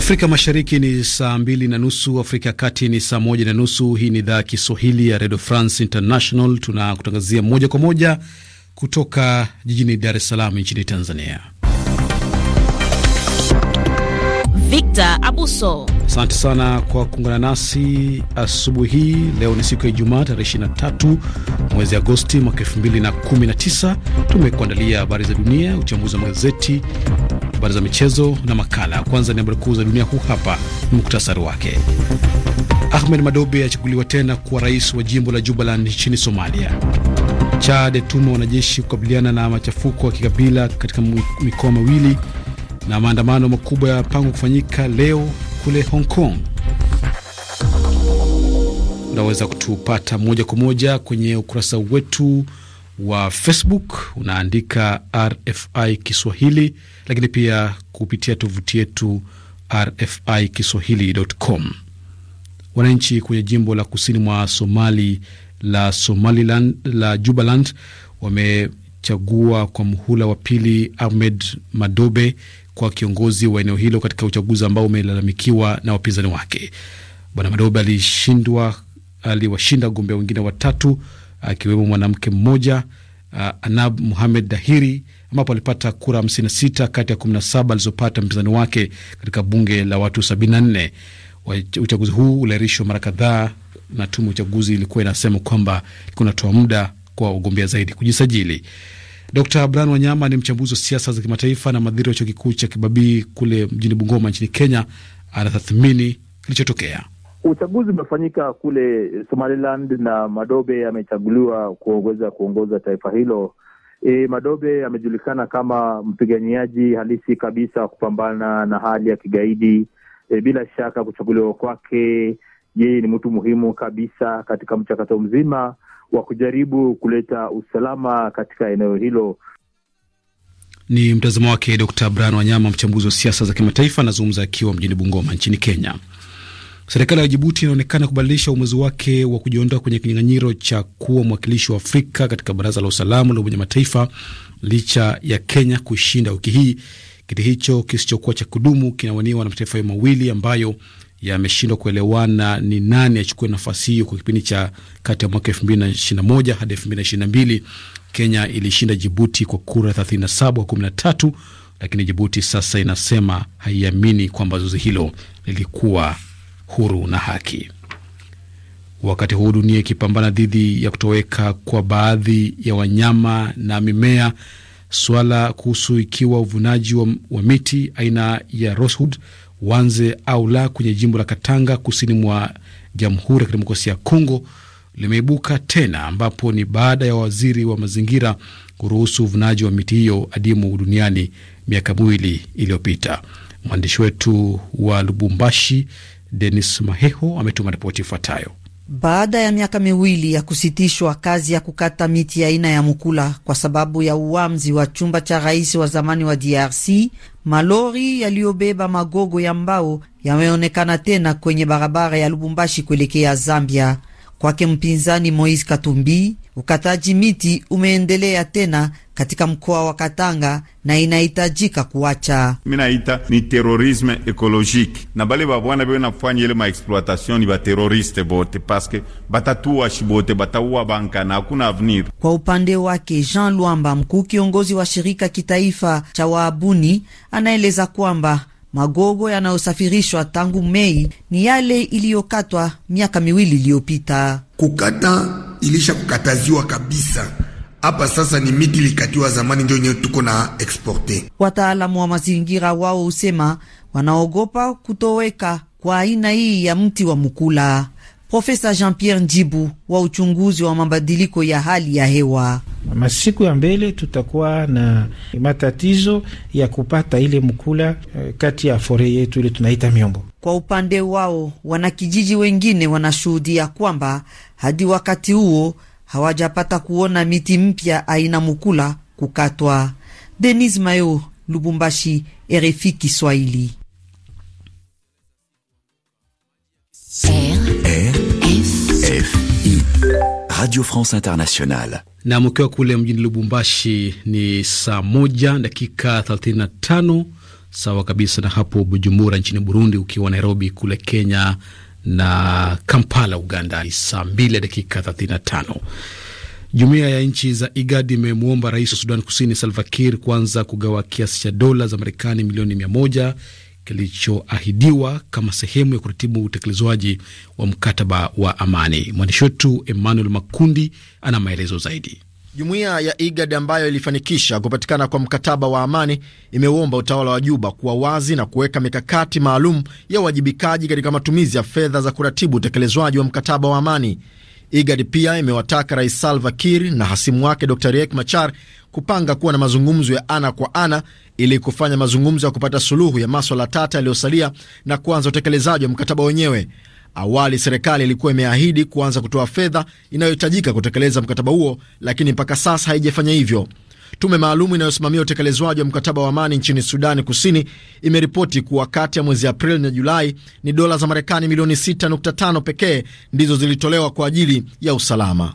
Afrika Mashariki ni saa mbili na nusu, Afrika ya Kati ni saa moja na nusu. Hii ni idhaa ya Kiswahili ya Redio France International, tunakutangazia moja kwa moja kutoka jijini Dar es Salaam nchini Tanzania. Victor Abuso, asante sana kwa kuungana nasi asubuhi hii. Leo ni siku ya Ijumaa, tarehe 23 mwezi Agosti mwaka 2019. Tumekuandalia habari za dunia, uchambuzi wa magazeti habari za michezo na makala. Kwanza ni habari kuu za dunia, huu hapa ni muktasari wake. Ahmed Madobe achaguliwa tena kuwa rais wa jimbo la Jubaland nchini Somalia. Chad atuma wanajeshi kukabiliana na machafuko ya kikabila katika mikoa miwili, na maandamano makubwa yapangwa kufanyika leo kule Hong Kong. Unaweza kutupata moja kwa moja kwenye ukurasa wetu wa Facebook unaandika RFI Kiswahili, lakini pia kupitia tovuti yetu RFI Kiswahili.com. Wananchi kwenye jimbo la kusini mwa Somali la Somaliland la Jubaland wamechagua kwa muhula wa pili Ahmed Madobe kwa kiongozi wa eneo hilo katika uchaguzi ambao umelalamikiwa na wapinzani wake. Bwana Madobe alishindwa aliwashinda wagombea wengine watatu akiwemo mwanamke mmoja uh, Anab Muhamed Dahiri ambapo alipata kura 56 kati ya 17 alizopata mpinzani wake katika bunge la watu 74. Uchaguzi huu uliahirishwa mara kadhaa na tume uchaguzi ilikuwa inasema kwamba kunatoa muda kwa ugombea zaidi kujisajili. Dr Brian Wanyama ni mchambuzi wa siasa za kimataifa na mhadhiri wa chuo kikuu cha Kibabii kule mjini Bungoma nchini Kenya. Anatathmini kilichotokea. Uchaguzi umefanyika kule Somaliland na Madobe amechaguliwa kuongoza kuongoza taifa hilo. E, Madobe amejulikana kama mpiganiaji halisi kabisa wa kupambana na hali ya kigaidi. E, bila shaka kuchaguliwa kwake yeye ni mtu muhimu kabisa katika mchakato mzima wa kujaribu kuleta usalama katika eneo hilo. Ni mtazamo wake Dr. Brian Wanyama, mchambuzi wa siasa za kimataifa, anazungumza akiwa mjini Bungoma nchini Kenya. Serikali ya Jibuti inaonekana kubadilisha uamuzi wake wa kujiondoa kwenye kinyang'anyiro cha kuwa mwakilishi wa Afrika katika Baraza la Usalama la Umoja Mataifa licha ya Kenya kushinda wiki hii. Kiti hicho kisichokuwa cha kudumu kinawaniwa na mataifa hayo mawili ambayo yameshindwa kuelewana ni nani achukue nafasi hiyo kwa kipindi cha kati ya mwaka moja hadi mbili. Kenya ilishinda Jibuti kwa kura 37 kwa 13, lakini Jibuti sasa inasema haiamini kwamba zoezi hilo lilikuwa huru na haki. Wakati huu dunia ikipambana dhidi ya kutoweka kwa baadhi ya wanyama na mimea, swala kuhusu ikiwa uvunaji wa, wa miti aina ya rosewood wanze au la kwenye jimbo la Katanga kusini mwa Jamhuri ya Kidemokrasia ya Kongo limeibuka tena, ambapo ni baada ya waziri wa mazingira kuruhusu uvunaji wa miti hiyo adimu duniani miaka miwili iliyopita. Mwandishi wetu wa Lubumbashi Denis Maheho ametuma ripoti ifuatayo. Baada ya miaka miwili ya kusitishwa kazi ya kukata miti ya aina ya mukula kwa sababu ya uwamzi wa chumba cha rais wa zamani wa DRC, malori yaliyobeba magogo ya mbao yameonekana tena kwenye barabara ya Lubumbashi kuelekea Zambia kwake mpinzani Moise Katumbi, ukataji miti umeendelea tena katika mkoa wa Katanga na inahitajika kuacha. Minaita ni terorisme ekologike na bale babwana be nafanya ile maexploitation ni bateroriste bote paske batatuwa shi bote batauwa bankana, hakuna avenir. Kwa upande wake Jean lwamba mkuu kiongozi wa shirika kitaifa cha waabuni, anaeleza kwamba Magogo yanayosafirishwa tangu Mei ni yale iliyokatwa miaka miwili iliyopita. Kukata ilishakukataziwa kabisa. Hapa sasa ni miti ilikatiwa zamani ndio nyewe tuko na exporte. Wataalamu wa mazingira wao husema wanaogopa kutoweka kwa aina hii ya mti wa mukula. Profesa Jean-Pierre Njibu wa uchunguzi wa mabadiliko ya hali ya hewa. Masiku ya mbele tutakuwa na matatizo ya kupata ile mkula eh, kati ya fore yetu ile tunaita miombo. Kwa upande wao, wanakijiji wengine wanashuhudia kwamba hadi wakati huo hawajapata kuona miti mpya aina mkula kukatwa. Denis Mayo, Lubumbashi, RFI Kiswahili. Radio France Internationale. Na mkiwa kule mjini Lubumbashi ni saa moja dakika 35, sawa kabisa na hapo Bujumbura nchini Burundi, ukiwa Nairobi kule Kenya na Kampala Uganda ni saa mbili dakika 35. Jumuiya ya nchi za IGAD imemwomba rais wa Sudan Kusini Salva Kiir kuanza kugawa kiasi cha dola za Marekani milioni mia moja kilichoahidiwa kama sehemu ya kuratibu utekelezwaji wa mkataba wa amani. Mwandishi wetu Emmanuel Makundi ana maelezo zaidi. Jumuiya ya IGAD ambayo ilifanikisha kupatikana kwa mkataba wa amani imeuomba utawala wa Juba kuwa wazi na kuweka mikakati maalum ya uwajibikaji katika matumizi ya fedha za kuratibu utekelezwaji wa mkataba wa amani. IGAD pia imewataka Rais Salva Kiir na hasimu wake Dr Riek Machar kupanga kuwa na mazungumzo ya ana kwa ana ili kufanya mazungumzo ya kupata suluhu ya maswala tata yaliyosalia na kuanza utekelezaji wa mkataba wenyewe. Awali serikali ilikuwa imeahidi kuanza kutoa fedha inayohitajika kutekeleza mkataba huo, lakini mpaka sasa haijafanya hivyo. Tume maalumu inayosimamia utekelezwaji wa mkataba wa amani nchini Sudani Kusini imeripoti kuwa kati ya mwezi Aprili na Julai ni dola za Marekani milioni 6.5 pekee ndizo zilitolewa kwa ajili ya usalama.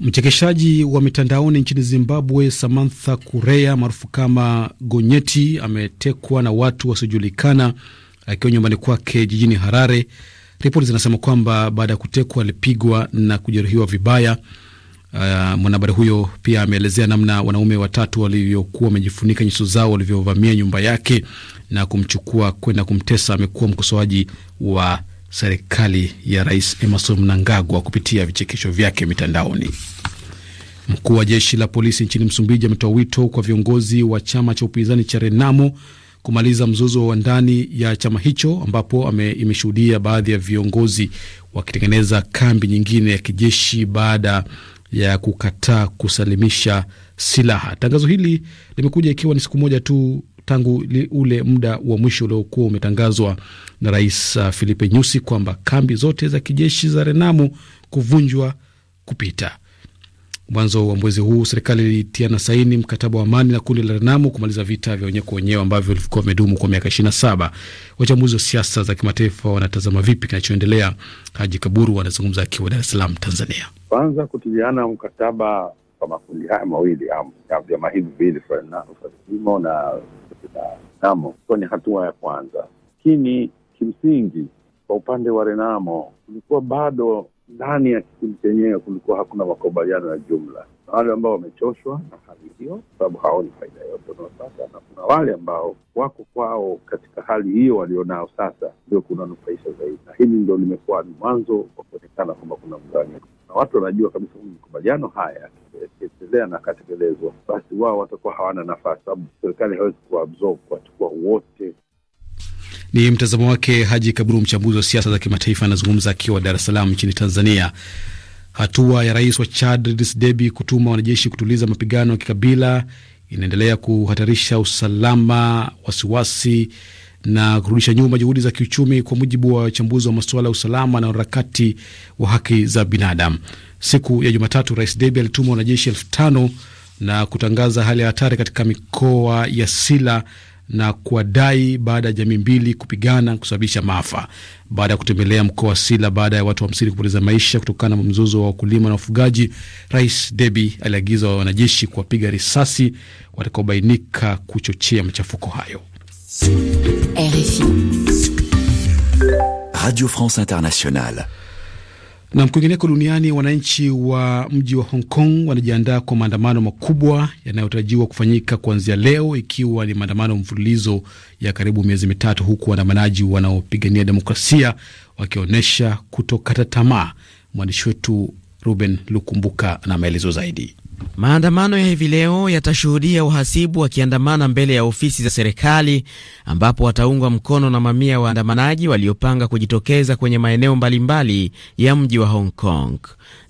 Mchekeshaji wa mitandaoni nchini Zimbabwe Samantha Kurea maarufu kama Gonyeti ametekwa na watu wasiojulikana akiwa nyumbani kwake jijini Harare. Ripoti zinasema kwamba baada ya kutekwa alipigwa na kujeruhiwa vibaya. Uh, mwanahabari huyo pia ameelezea namna wanaume watatu walivyokuwa wamejifunika nyuso zao walivyovamia nyumba yake na kumchukua kwenda kumtesa. Amekuwa mkosoaji wa serikali ya Rais Emerson Mnangagwa kupitia vichekesho vyake mitandaoni. Mkuu wa jeshi la polisi nchini Msumbiji ametoa wito kwa viongozi wa chama cha upinzani cha Renamo kumaliza mzozo wa ndani ya chama hicho ambapo imeshuhudia baadhi ya viongozi wakitengeneza kambi nyingine ya kijeshi baada ya kukataa kusalimisha silaha. Tangazo hili limekuja ikiwa ni siku moja tu tangu ule muda wa mwisho uliokuwa umetangazwa na Rais uh, Filipe Nyusi kwamba kambi zote za kijeshi za Renamu kuvunjwa kupita. Mwanzo wa mwezi huu serikali na saini mkataba wa amani na kundi la Renamu kumaliza vita vya wenyewe kwa wenyewe ambavyo vilikuwa vimedumu kwa miaka 27. Wachambuzi wa siasa za kimataifa wanatazama vipi kinachoendelea? Haji Kaburu anazungumza akiwa Dar es Salaam, Tanzania. Kwanza kutiliana mkataba kwa makundi haya mawili um, vyama hivi viwili, Frelimo na Renamo, hiyo ni hatua ya kwanza. Lakini kimsingi kwa upande wa Renamo kulikuwa bado ndani ya kikundi chenyewe kulikuwa hakuna makubaliano ya jumla. Kuna wale ambao wamechoshwa na hali hiyo, kwa sababu haoni faida yote sasa na kuna wale ambao wako kwao katika hali hiyo walionao sasa ndio kunanufaisha zaidi, na hili ndio limekuwa ni mwanzo wa kuonekana kwamba kuna mgawanyiko, na watu wanajua kabisa makubaliano haya ikiendelea na akatekelezwa, basi wao watakuwa hawana nafasi, sababu serikali hawezi kuwaabsorb kuwachukua wote. Ni mtazamo wake Haji Kaburu, mchambuzi wa siasa za kimataifa, anazungumza akiwa Dar es Salaam nchini Tanzania. Hatua ya rais wa Chad Idriss Deby kutuma wanajeshi kutuliza mapigano ya kikabila inaendelea kuhatarisha usalama, wasiwasi na kurudisha nyuma juhudi za kiuchumi, kwa mujibu wa wachambuzi wa masuala ya usalama na harakati wa haki za binadamu. Siku ya Jumatatu, Rais Deby alituma wanajeshi elfu tano na kutangaza hali ya hatari katika mikoa ya Sila na kuwadai baada ya jamii mbili kupigana kusababisha maafa. Baada ya kutembelea mkoa wa Sila baada ya watu hamsini kupoteza maisha kutokana na mzozo wa wakulima na wafugaji, Rais Deby aliagiza wa wanajeshi kuwapiga risasi watakaobainika kuchochea machafuko hayo. RFI Radio France Internationale. Na kwingineko duniani, wananchi wa mji wa Hong Kong wanajiandaa kwa maandamano makubwa yanayotarajiwa kufanyika kuanzia leo, ikiwa ni maandamano mfululizo ya karibu miezi mitatu, huku waandamanaji wanaopigania demokrasia wakionyesha kutokata tamaa. Mwandishi wetu Ruben Lukumbuka na maelezo zaidi. Maandamano ya hivi leo yatashuhudia wa wakiandamana mbele ya ofisi za serikali ambapo wataungwa mkono na mamia ya waandamanaji waliopanga kujitokeza kwenye maeneo mbalimbali ya mji wa Hong Kong.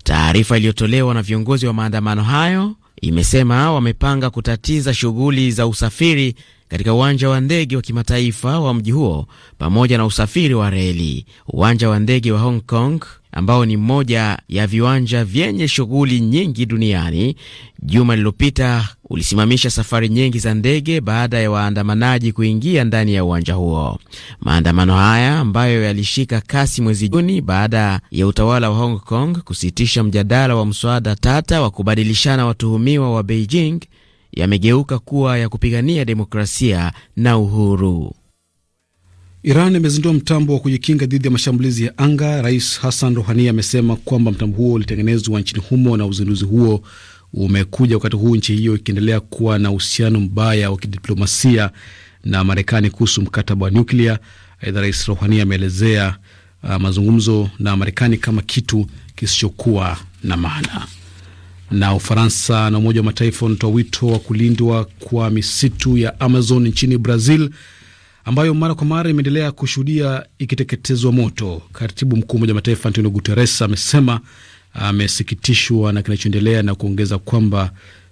Taarifa iliyotolewa na viongozi wa maandamano hayo imesema wamepanga kutatiza shughuli za usafiri katika uwanja wa ndege wa kimataifa wa mji huo pamoja na usafiri wa reli. Uwanja wa ndege wa Hong Kong ambao ni mmoja ya viwanja vyenye shughuli nyingi duniani, juma lililopita ulisimamisha safari nyingi za ndege baada ya waandamanaji kuingia ndani ya uwanja huo. Maandamano haya ambayo yalishika kasi mwezi Juni baada ya utawala wa Hong Kong kusitisha mjadala wa mswada tata wa kubadilishana watuhumiwa wa Beijing yamegeuka kuwa ya kupigania demokrasia na uhuru. Iran imezindua mtambo wa kujikinga dhidi ya mashambulizi ya anga. Rais Hassan Rohani amesema kwamba mtambo huo ulitengenezwa nchini humo na uzinduzi huo umekuja wakati huu nchi hiyo ikiendelea kuwa na uhusiano mbaya wa kidiplomasia na Marekani kuhusu mkataba wa nyuklia. Aidha, Rais Rohani ameelezea uh, mazungumzo na Marekani kama kitu kisichokuwa na maana. Na Ufaransa na Umoja wa Mataifa unatoa wito wa kulindwa kwa misitu ya Amazon nchini Brazil ambayo mara kwa mara imeendelea kushuhudia ikiteketezwa moto. Katibu mkuu Umoja wa Mataifa Antonio Guterres amesema amesikitishwa na kinachoendelea na kuongeza kwamba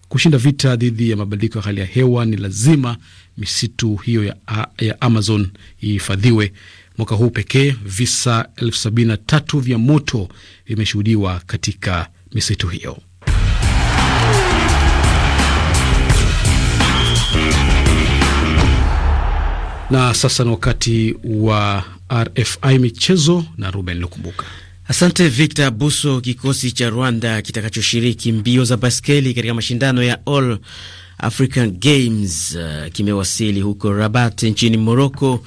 kushinda vita dhidi ya mabadiliko ya hali ya hewa ni lazima misitu hiyo ya, ya Amazon ihifadhiwe. Mwaka huu pekee visa elfu sabini na tatu vya moto vimeshuhudiwa katika misitu hiyo. Na sasa ni wakati wa RFI michezo na Ruben Lukumbuka. Asante Victor Buso. Kikosi cha Rwanda kitakachoshiriki mbio za baskeli katika mashindano ya All African Games uh, kimewasili huko Rabat nchini Morocco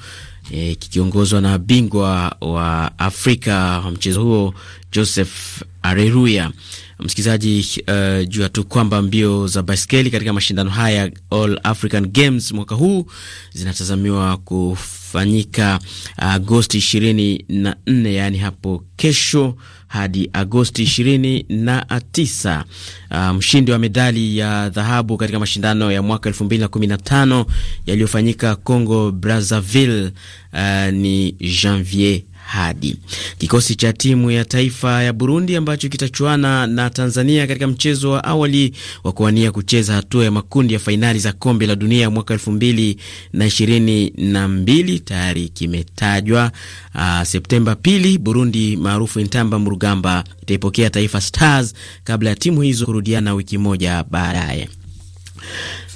eh, kikiongozwa na bingwa wa Afrika wa mchezo huo Joseph Areruya msikilizaji, uh, eh, jua tu kwamba mbio za baiskeli katika mashindano haya All African Games mwaka huu zinatazamiwa kufanyika Agosti ishirini na nne yaani hapo kesho hadi Agosti ishirini na tisa. Ah, mshindi wa medali ya dhahabu katika mashindano ya mwaka elfu mbili na kumi na tano yaliyofanyika Congo Brazzaville uh, ni Janvier hadi. Kikosi cha timu ya taifa ya Burundi ambacho kitachuana na Tanzania katika mchezo wa awali wa kuwania kucheza hatua ya makundi ya fainali za kombe la dunia mwaka elfu mbili na ishirini na mbili tayari kimetajwa. Ah, Septemba pili, Burundi maarufu Intamba Mrugamba itaipokea Taifa Stars kabla ya timu hizo kurudiana wiki moja baadaye.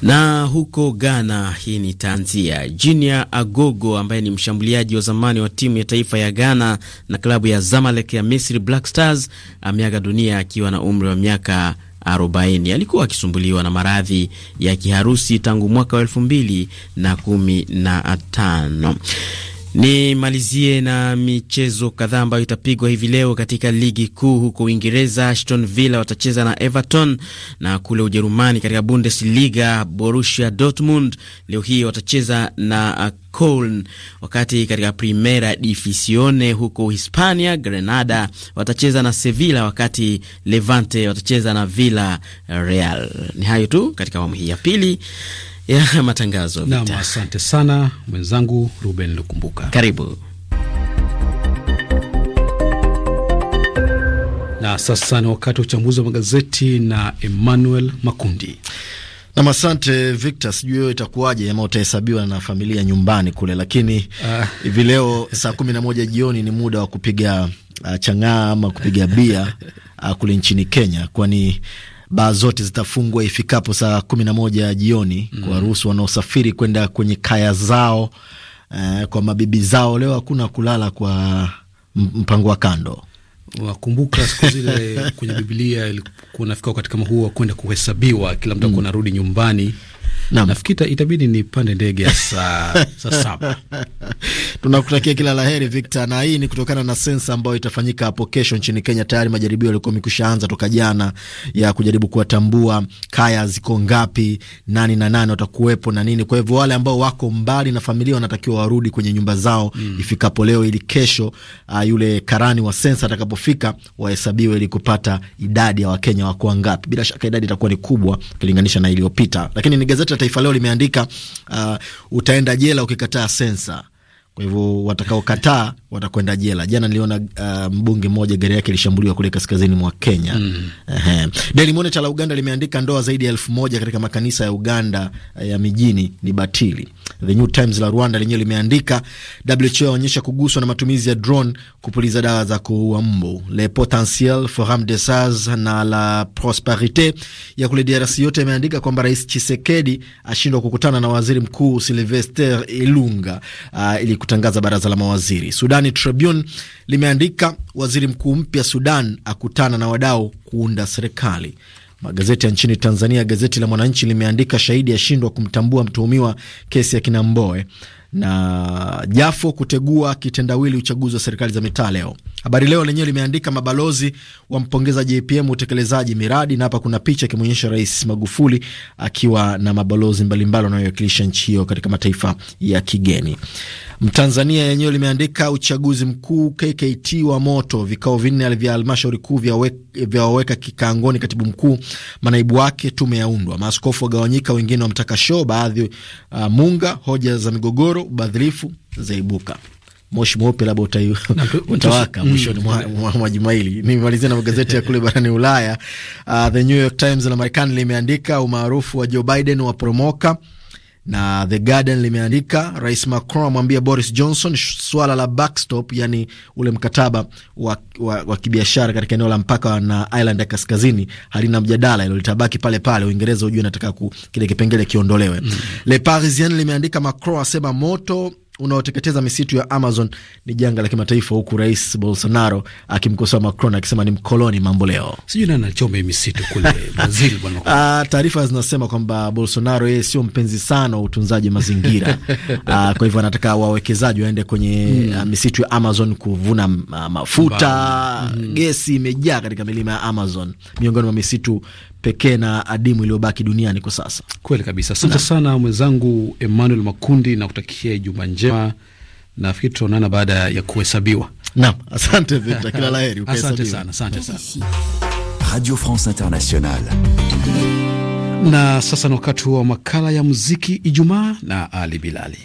Na huko Ghana, hii ni tanzia. Junior Agogo ambaye ni mshambuliaji wa zamani wa timu ya taifa ya Ghana na klabu ya Zamalek ya Misri Black Stars ameaga dunia akiwa na umri wa miaka 40. Alikuwa akisumbuliwa na maradhi ya kiharusi tangu mwaka wa elfu mbili na kumi na tano. Nimalizie na michezo kadhaa ambayo itapigwa hivi leo katika ligi kuu huko Uingereza. Aston Villa watacheza na Everton, na kule Ujerumani katika Bundesliga Borussia Dortmund leo hii watacheza na uh, Köln, wakati katika Primera Division huko Hispania Granada watacheza na Sevilla, wakati Levante watacheza na villa real Ni hayo tu katika awamu hii ya pili ya matangazo. Nam, asante sana mwenzangu Ruben Lukumbuka, karibu na sasa ni wakati wa uchambuzi wa magazeti na Emmanuel Makundi. Nam, asante Victor. Sijui hiyo itakuwaje ama utahesabiwa na familia nyumbani kule, lakini ah. hivi leo saa kumi na moja jioni ni muda wa kupiga uh, chang'aa ama kupiga bia uh, kule nchini Kenya, kwani baa zote zitafungwa ifikapo saa kumi na moja jioni mm. kuwaruhusu wanaosafiri kwenda kwenye kaya zao eh, kwa mabibi zao. Leo hakuna kulala kwa mpango wa kando. Wakumbuka siku zile kwenye Biblia ilikuwa nafika wakati kama huo wakwenda kuhesabiwa, kila mtu mm. akuwa narudi nyumbani nafikiri itabidi nipande ndege ya saa saba. Tunakutakia kila la heri Victor, na hii ni kutokana na sensa ambayo itafanyika hapo kesho nchini Kenya. Tayari majaribio yalikuwa yamekwisha anza toka jana ya kujaribu kuwatambua kaya ziko ngapi, nani na nani watakuwepo na nini. Kwa hivyo wale ambao wako mbali na familia wanatakiwa warudi kwenye nyumba zao mm. ifikapo leo ili kesho uh, yule karani wa sensa atakapofika wahesabiwe ili kupata idadi ya Wakenya wako wangapi. Bila shaka idadi itakuwa ni kubwa ukilinganisha na iliyopita, lakini ni gazeti Taifa Leo limeandika uh, utaenda jela ukikataa sensa. Kwa hivyo watakaokataa watakwenda jela. Jana niliona uh, mbunge mmoja gari yake ilishambuliwa kule kaskazini mwa Kenya. mm. Uh, Daily Monitor la Uganda limeandika ndoa zaidi ya elfu moja katika makanisa ya Uganda uh, ya mijini ni batili. The New Times la Rwanda lenyewe limeandika WHO yaonyesha kuguswa na matumizi ya drone kupuliza dawa za kuua mbu. Le Potentiel, Forum des Sages na la Prosperite ya kule DRC yote yameandika kwamba Rais Chisekedi ashindwa kukutana na waziri mkuu Silvester Ilunga uh, ili kutangaza baraza la mawaziri Sudan Sudani Tribune limeandika waziri mkuu mpya Sudan akutana na wadau kuunda serikali. Magazeti ya nchini Tanzania, gazeti la Mwananchi limeandika shahidi ashindwa kumtambua mtuhumiwa kesi ya Kinamboe na Jafo kutegua kitendawili uchaguzi wa serikali za mitaa leo. Habari Leo lenyewe limeandika mabalozi wampongeza JPM utekelezaji miradi, na hapa kuna picha ikimwonyesha Rais Magufuli akiwa na mabalozi mbalimbali wanaowakilisha nchi hiyo katika mataifa ya kigeni. Mtanzania yenyewe limeandika uchaguzi mkuu KKT wa moto, vikao vinne vya halmashauri kuu vyawaweka kikaangoni katibu mkuu, manaibu wake, tume yaundwa, maaskofu wagawanyika, wengine wamtaka show, baadhi uh, munga hoja za migogoro migogoro, ubadhirifu zaibuka moshi mweupe labda utawaka mm. mwishoni mwa juma hili. Nimemalizia na magazeti ya kule barani Ulaya. Uh, The New York Times la Marekani limeandika umaarufu wa Joe Biden waporomoka na The Garden limeandika Rais Macron amwambia Boris Johnson swala la backstop, yani ule mkataba wa, wa, wa kibiashara katika eneo la mpaka na Ireland ya kaskazini halina mjadala, ilo litabaki pale pale. Uingereza hujua inataka kile kipengele kiondolewe. mm -hmm. Le Parisien limeandika Macron asema moto unaoteketeza misitu ya Amazon ni janga la kimataifa, huku Rais Bolsonaro akimkosoa Macron akisema ni mkoloni mambo leo. Sijui nani anachoma misitu kule Brazil bwana. Ah, taarifa zinasema kwamba Bolsonaro yeye sio mpenzi sana wa utunzaji mazingira Aa, ah, kwa hivyo anataka wawekezaji waende kwenye mm. misitu ya Amazon kuvuna mafuta mm. gesi imejaa katika milima ya Amazon, miongoni mwa misitu pekee na adimu iliyobaki duniani kwa sasa. Kweli kabisa, asante sana mwenzangu Emmanuel Makundi na kutakia Ijumaa njema. Nafikiri tutaonana baada ya kuhesabiwa. Naam, asante Victor, kila laheri. Asante sana, asante sana. Radio France Internationale. Na sasa ni wakati wa makala ya muziki Ijumaa na Ali Bilali.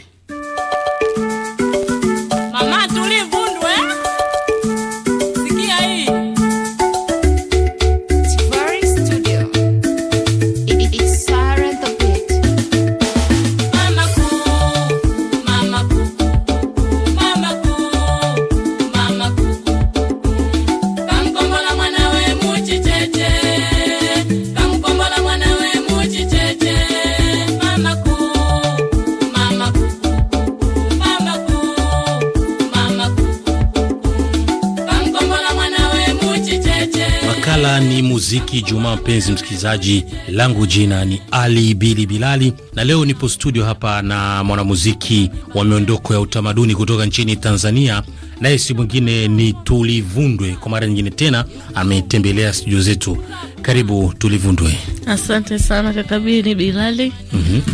kama mpenzi msikilizaji, langu jina ni Ali Bili Bilali, na leo nipo studio hapa na mwanamuziki wa miondoko ya utamaduni kutoka nchini Tanzania, naye si mwingine ni Tulivundwe. Kwa mara nyingine tena ametembelea studio zetu. Karibu Tulivundwe. Asante sana kaka Bili Bilali. mm -hmm.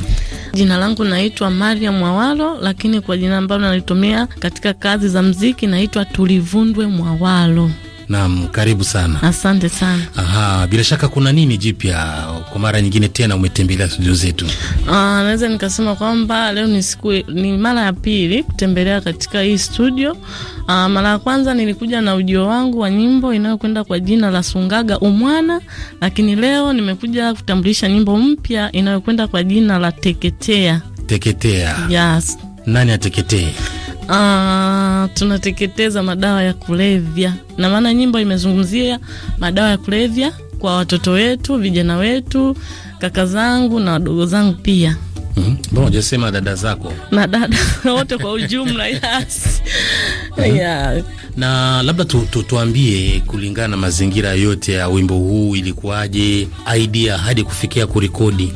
Jina langu naitwa maria Mwawalo, lakini kwa jina ambalo nalitumia katika kazi za mziki naitwa Tulivundwe Mwawalo. Naam, karibu sana. Asante sana. Aha, bila shaka kuna nini jipya kwa mara nyingine tena umetembelea studio zetu? Ah, naweza nikasema kwamba leo ni siku ni mara ya pili kutembelea katika hii studio. Aa, ah, mara ya kwanza nilikuja na ujio wangu wa nyimbo inayokwenda kwa jina la Sungaga Umwana, lakini leo nimekuja kutambulisha nyimbo mpya inayokwenda kwa jina la Teketea. Teketea. Yes. Nani ateketea? Uh, tunateketeza madawa ya kulevya, na maana nyimbo imezungumzia madawa ya kulevya kwa watoto wetu, vijana wetu, kaka zangu na wadogo zangu pia. Mm -hmm. Mbona hujasema dada zako na dada wote kwa ujumla? Yes. Mm-hmm. Yeah. Na labda tu, tu, tuambie kulingana na mazingira yote ya wimbo huu ilikuwaje idea hadi kufikia kurekodi?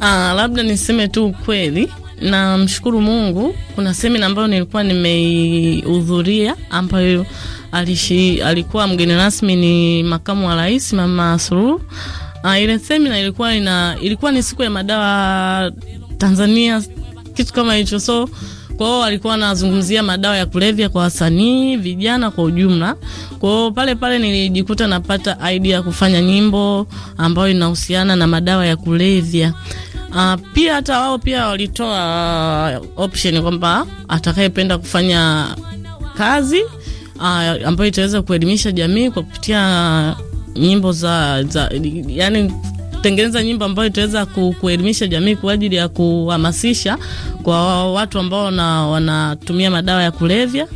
Ah, labda niseme tu ukweli Namshukuru Mungu, kuna semina ambayo nilikuwa nimeihudhuria ambayo alishi, alikuwa mgeni rasmi ni makamu wa rais Mama Suluhu. Uh, ile semina ilikuwa ina, ilikuwa ni siku ya madawa Tanzania, kitu kama hicho. So kwa hiyo alikuwa anazungumzia madawa ya kulevya kwa wasanii vijana kwa ujumla. Kwa hiyo pale pale nilijikuta napata idea ya kufanya nyimbo ambayo inahusiana na madawa ya kulevya. Uh, pia hata wao pia walitoa uh, option kwamba atakayependa kufanya kazi uh, ambayo itaweza kuelimisha jamii kwa kupitia nyimbo za, za yani tengeneza nyimbo ambayo itaweza kuelimisha jamii kwa ajili ya kuhamasisha kwa watu ambao wanatumia madawa ya kulevya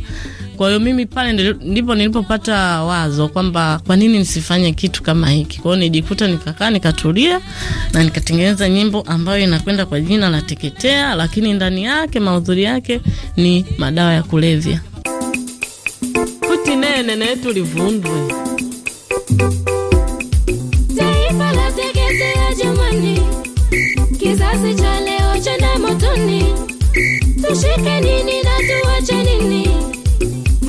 kwa hiyo mimi pale ndipo nilipopata wazo kwamba kwa nini nisifanye kitu kama hiki. Kwa hiyo nijikuta nikakaa nikatulia na nikatengeneza nyimbo ambayo inakwenda kwa jina la Teketea, lakini ndani yake maudhuri yake ni madawa ya kulevya. Futi nene na yetu livundwe kizazi cha leo motoni, tushike nini na tuache nini?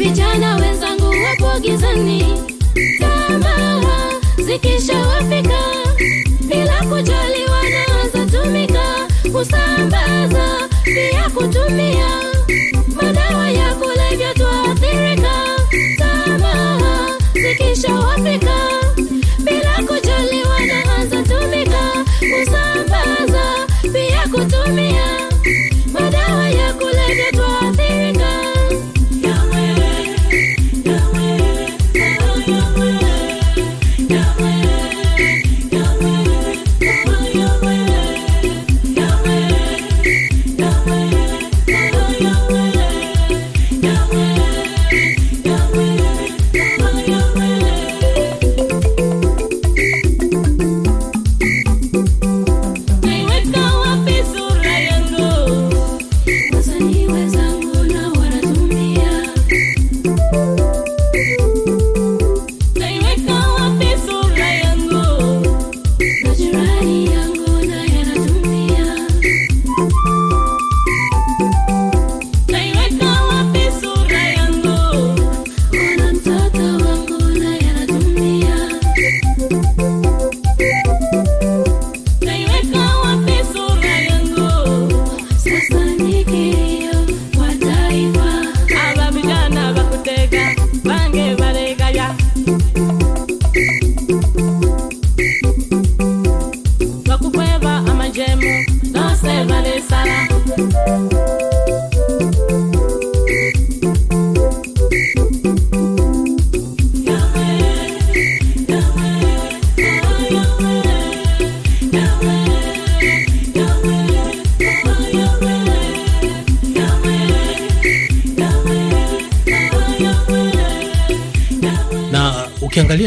vijana wenzangu wapo gizani, tamaa zikishawafika bila kujali wanaanza tumika kusambaza pia kutumia madawa ya kulevya tuathirika, tamaa zikishawafika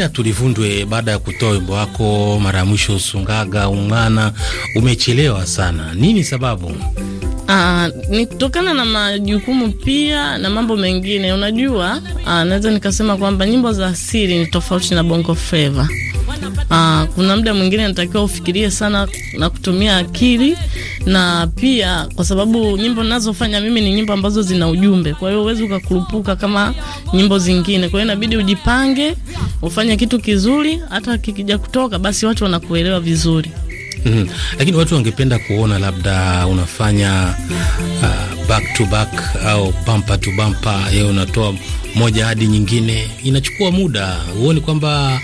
Tanzania tulivundwe baada ya kutoa wimbo wako mara ya mwisho Usungaga Ung'ana. Umechelewa sana, nini sababu? Aa, ah, ni kutokana na majukumu pia na mambo mengine. Unajua, ah, naweza nikasema kwamba nyimbo za asili ni tofauti na bongo flava. Aa, ah, kuna muda mwingine natakiwa ufikirie sana na kutumia akili na pia kwa sababu nyimbo ninazofanya mimi ni nyimbo ambazo zina ujumbe, kwa hiyo huwezi ukakurupuka kama nyimbo zingine. Kwa hiyo inabidi ujipange, ufanye kitu kizuri, hata kikija kutoka basi watu wanakuelewa vizuri. Mm -hmm. Lakini watu wangependa kuona labda unafanya uh, back to back au bumper to bumper, yeye unatoa moja hadi nyingine, inachukua muda. Huoni kwamba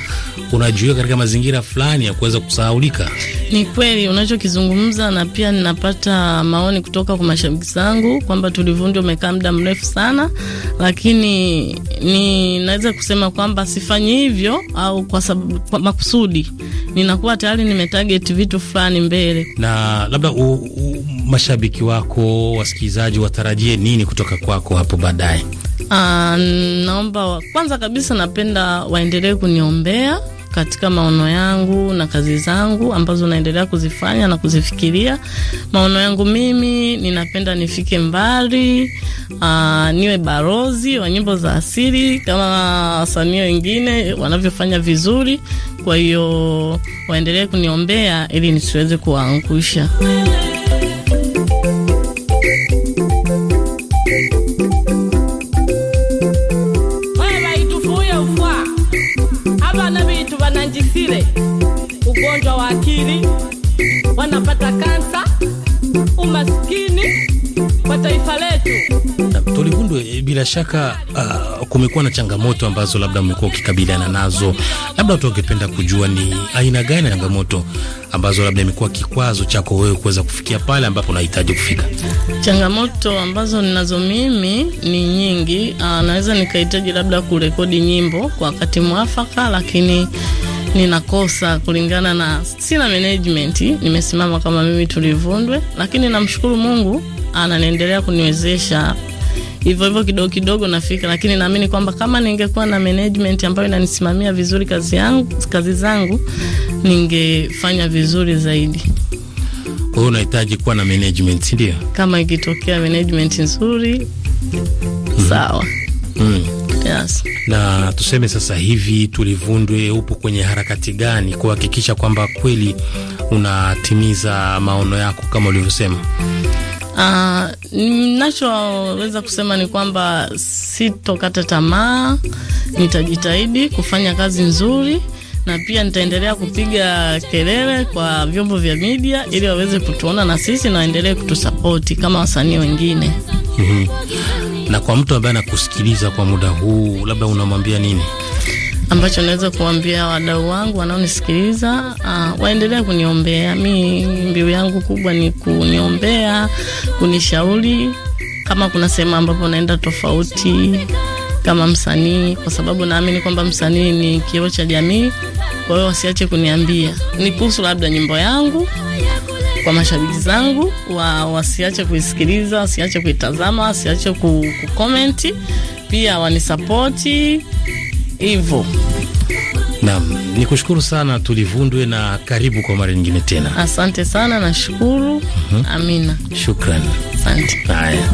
unajiweka katika mazingira fulani ya kuweza kusahaulika? Ni kweli unachokizungumza, na pia ninapata maoni kutoka kwa mashabiki zangu kwamba Tulivu umekaa muda mrefu sana, lakini ninaweza kusema kwamba sifanyi hivyo au kwa sababu kwa makusudi, ninakuwa tayari nimetarget vitu fulani mbele na labda u, u, mashabiki wako, wasikilizaji watarajie nini kutoka kwako hapo baadaye? Uh, naomba kwanza kabisa, napenda waendelee kuniombea katika maono yangu na kazi zangu ambazo naendelea kuzifanya na kuzifikiria. Maono yangu mimi ninapenda nifike mbali, aa, ah, niwe barozi wa nyimbo za asili kama wasanii wengine wanavyofanya vizuri. Kwa hiyo waendelee kuniombea ili nisiweze kuwaangusha. vile ugonjwa wa akili, wanapata kansa, umaskini kwa taifa letu. Tolihundwe, eh, bila shaka uh, kumekuwa na changamoto ambazo labda mmekuwa ukikabiliana nazo, labda watu wangependa kujua ni aina gani ya changamoto ambazo labda imekuwa kikwazo chako wewe kuweza kufikia pale ambapo unahitaji kufika. Changamoto ambazo ninazo mimi ni nyingi. Uh, naweza nikahitaji labda kurekodi nyimbo kwa wakati mwafaka, lakini ninakosa kulingana na sina management, nimesimama kama mimi tulivundwe, lakini namshukuru Mungu ananiendelea kuniwezesha hivyo hivyo kidogo kidogo nafika, lakini naamini kwamba kama ningekuwa na management ambayo inanisimamia vizuri kazi yangu, kazi zangu ningefanya vizuri zaidi. Kwa hiyo unahitaji kuwa na management, ndio kama ikitokea management nzuri, sawa. mm yes. Na tuseme sasa hivi Tulivundwe, upo kwenye harakati gani kuhakikisha kwamba kweli unatimiza maono yako kama ulivyosema? Uh, ninachoweza kusema ni kwamba sitokata tamaa, nitajitahidi kufanya kazi nzuri na pia nitaendelea kupiga kelele kwa vyombo vya media ili waweze kutuona na sisi na waendelee kutusapoti kama wasanii wengine. Mm -hmm. Na kwa mtu ambaye anakusikiliza kwa muda huu, labda unamwambia nini? ambacho naweza kuambia wadau wangu wanaonisikiliza, uh, ah, waendelea kuniombea mi. Mbiu yangu kubwa ni kuniombea, kunishauri kama kuna sehemu ambapo naenda tofauti kama msanii, kwa sababu naamini kwamba msanii ni kioo cha jamii. Kwa hiyo wasiache kuniambia ni kuhusu labda nyimbo yangu kwa mashabiki zangu wa, wasiache kuisikiliza, wasiache kuitazama, wasiache kukomenti pia, wanisapoti hivyo. Naam, ni kushukuru sana Tulivundwe, na karibu kwa mara nyingine tena. Asante sana, nashukuru. uh mhm. -huh. Amina, shukran, asante. Haya.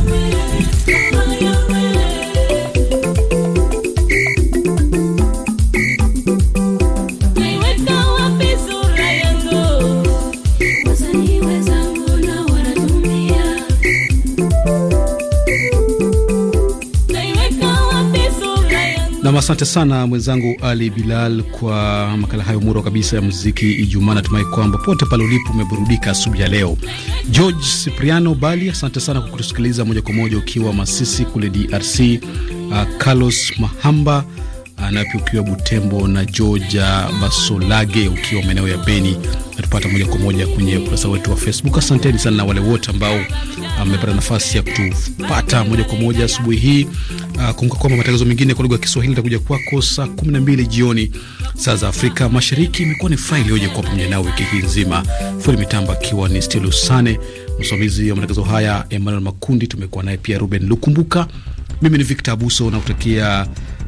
Nam, asante sana mwenzangu Ali Bilal kwa makala hayo murwa kabisa ya muziki Ijumaa. Natumai kwamba pote pale ulipo umeburudika asubuhi ya leo. George Cipriano Bali, asante sana kwa kutusikiliza moja kwa moja ukiwa Masisi kule DRC. Uh, ah, Carlos Mahamba na pia ukiwa Butembo na Georgia Basolage ukiwa maeneo ya Beni, natupata moja kwa moja kwenye ukurasa wetu wa Facebook. Asanteni sana na wale wote ambao uh, mmepata um, nafasi ya kutupata moja kwa moja asubuhi hii. Uh, kumbuka kwamba matangazo mengine kwa lugha ya Kiswahili takuja kwako saa 12 jioni saa za Afrika Mashariki. Imekuwa ni furaha iliyoje kuwa pamoja nao wiki hii nzima, fuli mitamba akiwa ni Sane, msimamizi wa matangazo haya Emmanuel Makundi, tumekuwa naye pia Ruben Lukumbuka. Mimi ni Victor Abuso nakutakia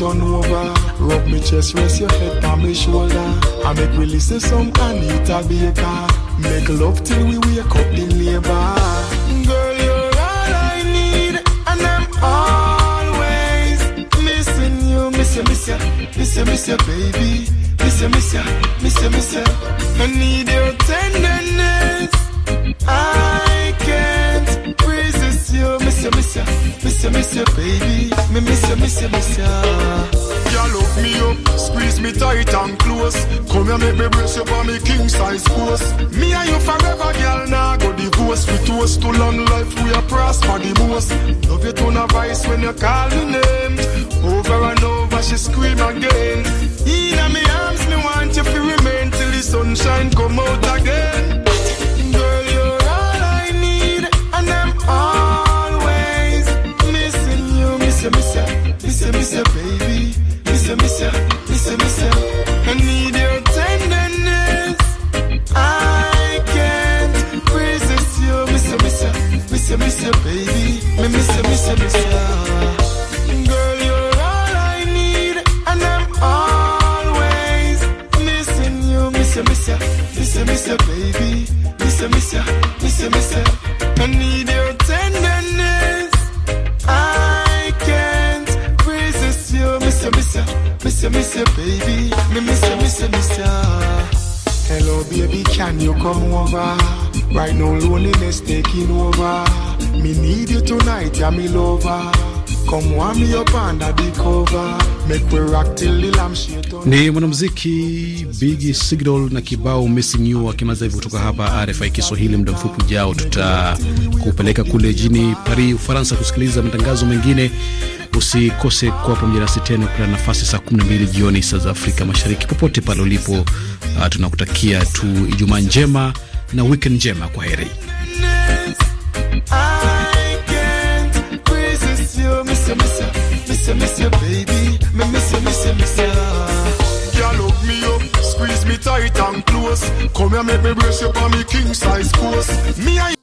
turn over. Rub me chest, rest your head on my shoulder. I make me listen some Anita Baker. Make love till we wake up the labor. Girl, you're all I need, and I'm always missing you, miss you, miss you, miss you, miss you, baby. Miss you, miss you, miss you, miss you. I need your tenderness. I can't resist you, miss you, miss you miss you, miss you, baby. Me miss you, miss you, miss you. You love me up, squeeze me tight and close. Come here, make me brace you for me king size pose. Me and you forever, girl. Now nah, go divorce. We toast to long life, we are prosper the most. Love you to no vice when you call me name. Over and over, she scream again. In my arms, me want you to remain till the sunshine come out again. your baby. Miss you, miss you, miss you, miss you. I need your tenderness. I can't resist you. Miss you, miss you, miss you, miss you, baby. Me miss you, miss you, miss you. me say, baby. Me me say, me say, me say. Ah. Hello, baby, can you come over? Right now, loneliness taking over. Me need you tonight, yeah, me lover. Come warm me up under the cover. Make we rock till the lampshade. Ni mwanamuziki Big Signal na kibao missing you, akimaliza hivyo kutoka hapa RFI Kiswahili. Muda mfupi ujao, tutakupeleka kule jini Paris, Ufaransa, kusikiliza matangazo mengine Usikose kuwa pamoja nasi tena kupata nafasi saa 12 jioni saa za Afrika Mashariki. Popote pale ulipo, uh, tunakutakia tu Ijumaa njema na weekend njema. Kwa heri. Come here, make me brace you for me king size course. Me I